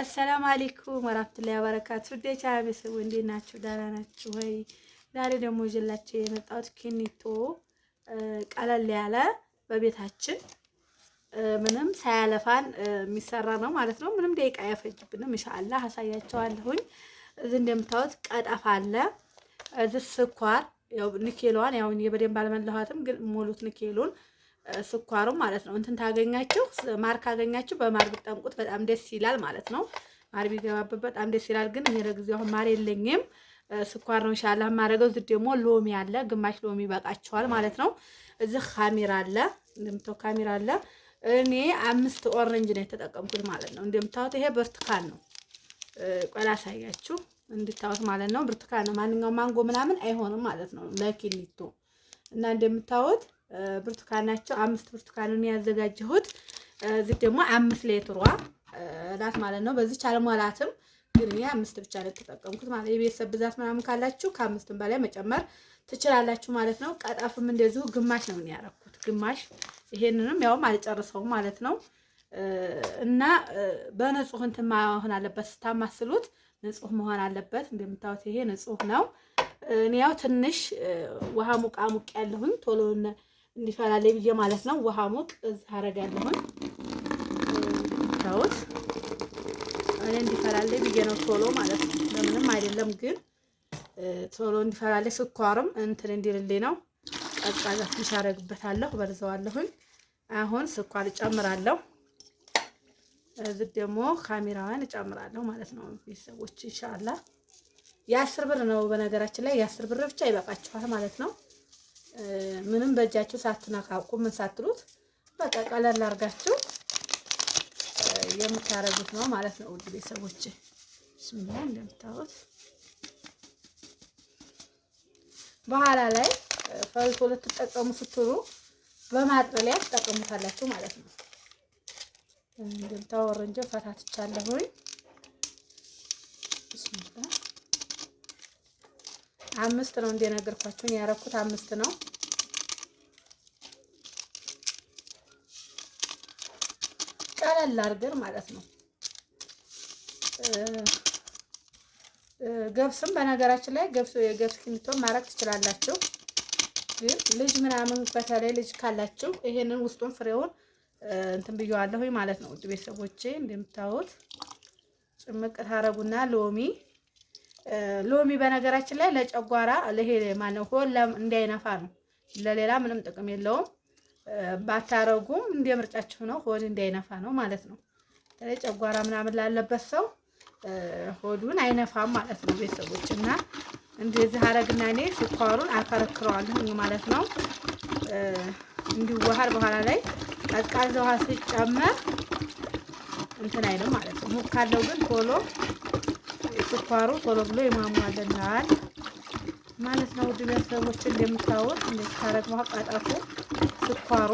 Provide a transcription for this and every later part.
አሰላም አሌይኩም ወራህመቱላሂ ወበረካቱ። ዴቻ ቤተሰቡ እንዴት ናችሁ? ደህና ናችሁ ወይ? ዛሬ ደግሞ ይዤላችሁ የመጣሁት ኪኒቶ ቀለል ያለ በቤታችን ምንም ሳያለፋን የሚሰራ ነው ማለት ነው። ምንም ደቂቃ አይፈጅብንም። ኢንሻአላህ አሳያቸዋለሁኝ። እዚህ እንደምታዩት ቀጠፍ አለ። እዚህ ስኳር ያው ንኬሏን ያው በደንብ አልመለኋትም፣ ግን ሙሉት ንኬሉን ስኳሩ ማለት ነው እንትን ታገኛችሁ ማር ካገኛችሁ በማር ብጠምቁት በጣም ደስ ይላል ማለት ነው። ማር ቢገባበት በጣም ደስ ይላል። ግን እኔ ለጊዜው አሁን ማር የለኝም፣ ስኳር ነው ሻላ የማደርገው። እዚህ ደግሞ ሎሚ አለ፣ ግማሽ ሎሚ ይበቃችኋል ማለት ነው። እዚህ ካሜራ አለ፣ እንደምታው ካሜራ አለ። እኔ አምስት ኦረንጅ ነው የተጠቀምኩት ማለት ነው። እንደምታዩት ይሄ ብርቱካን ነው። ቆላ አሳያችሁ እንድታውት ማለት ነው። ብርቱካን ነው። ማንኛውም ማንጎ ምናምን አይሆንም ማለት ነው ለኪኒቶ እና እንደምታውት ብርቱካን ናቸው። አምስት ብርቱካንን ያዘጋጀሁት እዚህ ደግሞ አምስት ሌትሯ እላት ማለት ነው። በዚች አልሞላትም፣ ግን እኔ አምስት ብቻ ነው የተጠቀምኩት ማለት ነው። የቤተሰብ ብዛት ምናምን ካላችሁ ከአምስትም በላይ መጨመር ትችላላችሁ ማለት ነው። ቀጠፍም እንደዚሁ ግማሽ ነው ያደረኩት፣ ግማሽ ይሄንንም ያውም አልጨርሰውም ማለት ነው። እና በንጹህ እንትን መሆን አለበት ስታማስሉት ንጹህ መሆን አለበት። እንደምታዩት ይሄ ንጹህ ነው። እኔ ያው ትንሽ ውሃ ሙቃ ሙቅ ያለሁኝ ቶሎ እንዲፈላለይ ብዬ ማለት ነው። ውሃ ሙቅ እዚህ አደርጋለሁኝ ታውት እኔ እንዲፈላለይ ብዬ ነው ቶሎ ማለት ነው። ለምንም አይደለም ግን ቶሎ እንዲፈላለይ ስኳርም እንትን እንዲልልኝ ነው። ቀዝቃዛ ትንሽ አደርግበታለሁ፣ በርዘዋለሁኝ። አሁን ስኳር እጨምራለሁ። እዚ ደግሞ ካሜራዋን እጨምራለሁ ማለት ነው። ቤተሰቦች ኢንሻአላህ የአስር ብር ነው በነገራችን ላይ የአስር ብር ብቻ ይበቃችኋል ማለት ነው። ምንም በእጃችሁ ሳትነካቁ ምን ሳትሉት በቃ ቀለል አድርጋችሁ የምታረጉት ነው ማለት ነው። ውድ ቤተሰቦች ስምላ እንደምታወት በኋላ ላይ ፈልቶ ልትጠቀሙ ስትሉ በማጥለያ ትጠቀሙታላችሁ ማለት ነው። እንደምታወረንጀው ፈታትቻለሁኝ ስምላ አምስት ነው እንደነገርኳችሁን ያረኩት አምስት ነው። ቀለል አድርገን ማለት ነው። ገብስም በነገራችን ላይ ገብስ የገብስ ክንቶ ማረግ ትችላላችሁ። ግን ልጅ ምናምን በተለይ ልጅ ካላችሁ ይሄንን ውስጡን ፍሬውን እንትን ብየዋለሁ ማለት ነው። ውድ ቤተሰቦቼ እንደምታዩት ጭምቅ ታረጉና ሎሚ ሎሚ በነገራችን ላይ ለጨጓራ ለሄ ማነው ሆል እንዳይነፋ ነው። ለሌላ ምንም ጥቅም የለውም። ባታረጉም እንደ ምርጫችሁ ነው። ሆድ እንዳይነፋ ነው ማለት ነው። ጨጓራ ምናምን ላለበት ሰው ሆዱን አይነፋም ማለት ነው። ቤተሰቦች እና እንደዚህ አረግና እኔ ስኳሩን አከረክረዋለሁ ማለት ነው። እንዲዋሃር በኋላ ላይ ቀዝቃዛ ውሃ ሲጨመር እንትን አይልም ማለት ነው። ሙቅ ካለው ግን ቶሎ ስኳሩ ቶሎ ብሎ ይሟሟልናል ማለት ነው። ውድ ቤተሰቦች እንደምታወት እንደዚህ ካረት ማቃጣፉ ስኳሩ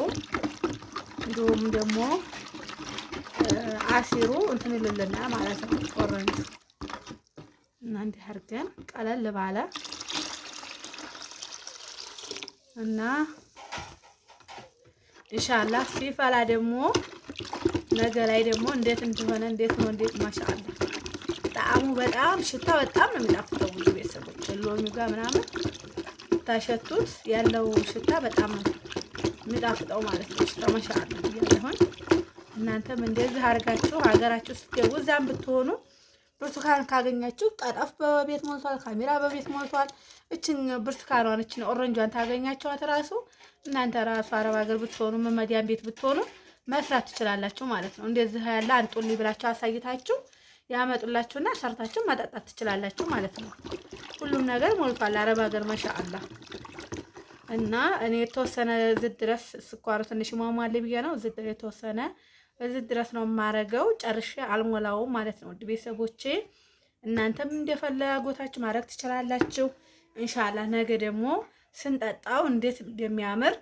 እንዲሁም ደግሞ አሲሩ እንትን እንትንልልናል ማለት ነው። ቆረን እና እንዲህ አድርገን ቀለል ባለ እና ኢንሻአላህ ሲፈላ ደግሞ ነገ ላይ ደግሞ እንዴት እንደሆነ እንዴት ነው እንዴት ማሻአላህ ጣዕሙ በጣም ሽታ በጣም ነው የሚጣፍጠው። ብዙ ቤተሰቦች ሎሚ ጋር ምናምን ታሸቱት ያለው ሽታ በጣም የሚጣፍጠው ማለት ነው። ሽታ መሻለ ያለሆን እናንተም እንደዚህ አድርጋችሁ ሀገራችሁ ስትገቡ እዛም ብትሆኑ ብርቱካን ካገኛችሁ ቀጠፍ በቤት ሞልቷል፣ ካሜራ በቤት ሞልቷል። እችን ብርቱካኗን እችን ኦረንጇን ታገኛችኋት ራሱ እናንተ ራሱ አረብ ሀገር ብትሆኑ መመዲያን ቤት ብትሆኑ መስራት ትችላላችሁ ማለት ነው። እንደዚህ ያለ አንጡልኝ ብላችሁ አሳይታችሁ ያመጡላችሁና ሰርታችሁ ማጠጣት ትችላላችሁ ማለት ነው። ሁሉም ነገር ሞልቷል። አረብ ሀገር መሻአላ እና እኔ የተወሰነ ዝድ ድረስ ስኳሩ ትንሽ ማሟል ብዬ ነው ዝድ የተወሰነ በዝድ ድረስ ነው የማረገው። ጨርሼ አልሞላውም ማለት ነው። ቤተሰቦቼ እናንተም እንደፈለጎታችሁ ማድረግ ትችላላችሁ። እንሻላ ነገ ደግሞ ስንጠጣው እንዴት እንደሚያምር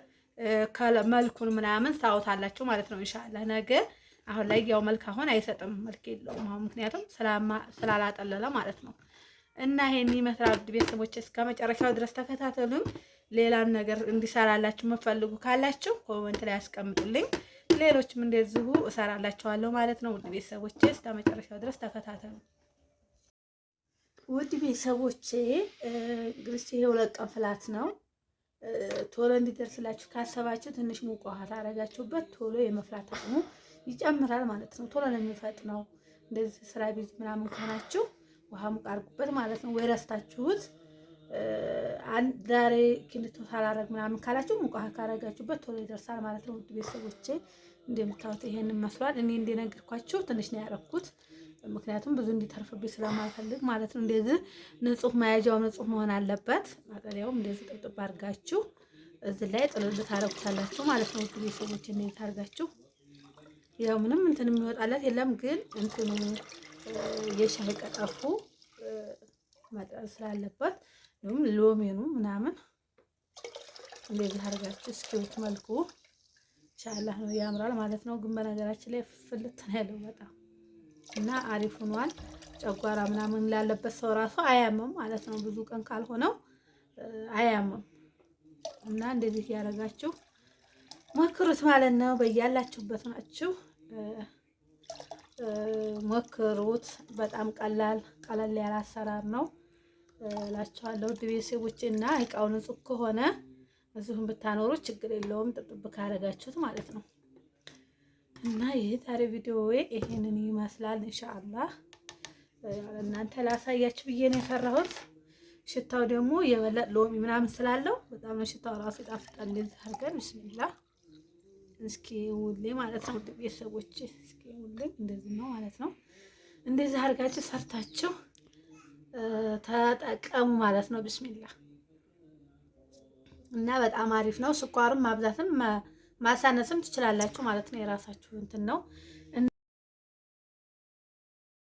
መልኩን ምናምን ታውታላችሁ ማለት ነው። እንሻላ ነገ አሁን ላይ ያው መልክ አሁን አይሰጥም፣ መልክ የለውም አሁን ምክንያቱም ስላላጠለለ ማለት ነው። እና ይሄን ይመስላል ቤተሰቦች፣ እስከ መጨረሻው ድረስ ተከታተሉኝ። ሌላም ነገር እንዲሰራላችሁ መፈልጉ ካላችሁ ኮመንት ላይ አስቀምጡልኝ ሌሎችም እንደዚሁ እሰራላችኋለሁ ማለት ነው። ውድ ቤተሰቦቼ እስከ መጨረሻው ድረስ ተከታተሉ። ውድ ቤተሰቦቼ እንግዲህ ይሄ ሁለት ቀን ፍላት ነው። ቶሎ እንዲደርስላችሁ ካሰባችሁ ትንሽ ሙቅ ውሃ ታረጋችሁበት ቶሎ የመፍላት አቅሙ ይጨምራል ማለት ነው። ቶሎ ነው የሚፈጥነው። እንደዚህ ስራ ቤት ምናምን ከሆናችሁ ውሃ ሙቅ አድርጉበት ማለት ነው። ወይ ረስታችሁት ዛሬ ኪንቶ ሳላረግ ምናምን ካላችሁ ሙቅ ውሃ ካረጋችሁበት ቶሎ ይደርሳል ማለት ነው። ውድ ቤተሰቦቼ እንደምታዩት ይሄን መስሏል። እኔ እንደነገርኳችሁ ትንሽ ነው ያረኩት፣ ምክንያቱም ብዙ እንዲተርፍብኝ ስለማልፈልግ ማለት ነው። እንደዚህ ንጹህ መያዣው ንጹህ መሆን አለበት። ማጠሪያውም እንደዚህ ጥብጥብ አድርጋችሁ እዚህ ላይ ጥልል ታረጉታላችሁ ማለት ነው። ውድ ቤተሰቦች እንዴት አድርጋችሁ ያው ምንም እንትን የሚወጣላት የለም። ግን እንትኑ የሻይ ቀጠፉ መጠን ስላለበት ወይም ሎሚኑ ምናምን እንደዚህ አድርጋችሁ እስኪውት መልኩ ኢንሻላህ ነው ያምራል ማለት ነው። ግን በነገራችን ላይ ፍልት ነው ያለው በጣም እና አሪፍ ሆኗል። ጨጓራ ምናምን ላለበት ሰው ራሱ አያምም ማለት ነው። ብዙ ቀን ካልሆነው አያምም እና እንደዚህ ያደረጋችሁ ሞክሩት ማለት ነው። በያላችሁበት ናችሁ ሞክሩት። በጣም ቀላል ቀለል ያለ አሰራር ነው እላችኋለሁ። ድቤ ሴቦች እና እቃው ንጹህ ከሆነ እዚሁም ብታኖሩ ችግር የለውም። ጥብጥብ አረጋችሁት ማለት ነው እና ይህ ታሪ ቪዲዮ ይሄንን ይመስላል። ኢንሻአላህ እናንተ ላሳያችሁ ብዬ ነው የሰራሁት። ሽታው ደግሞ የበለጥ ሎሚ ምናምን ስላለው በጣም ነው ሽታው ራሱ ይጣፍጣል። እንደዚህ አድርገን እስኪ ውሌ ማለት ነው። ቤተሰቦች እስኪ ውሌ እንደዚህ ነው ማለት ነው። እንደዚህ አድርጋችሁ ሰርታችሁ ተጠቀሙ ማለት ነው። ብስሚላ እና በጣም አሪፍ ነው። ስኳርም ማብዛትም ማሳነስም ትችላላችሁ ማለት ነው። የራሳችሁ እንትን ነው።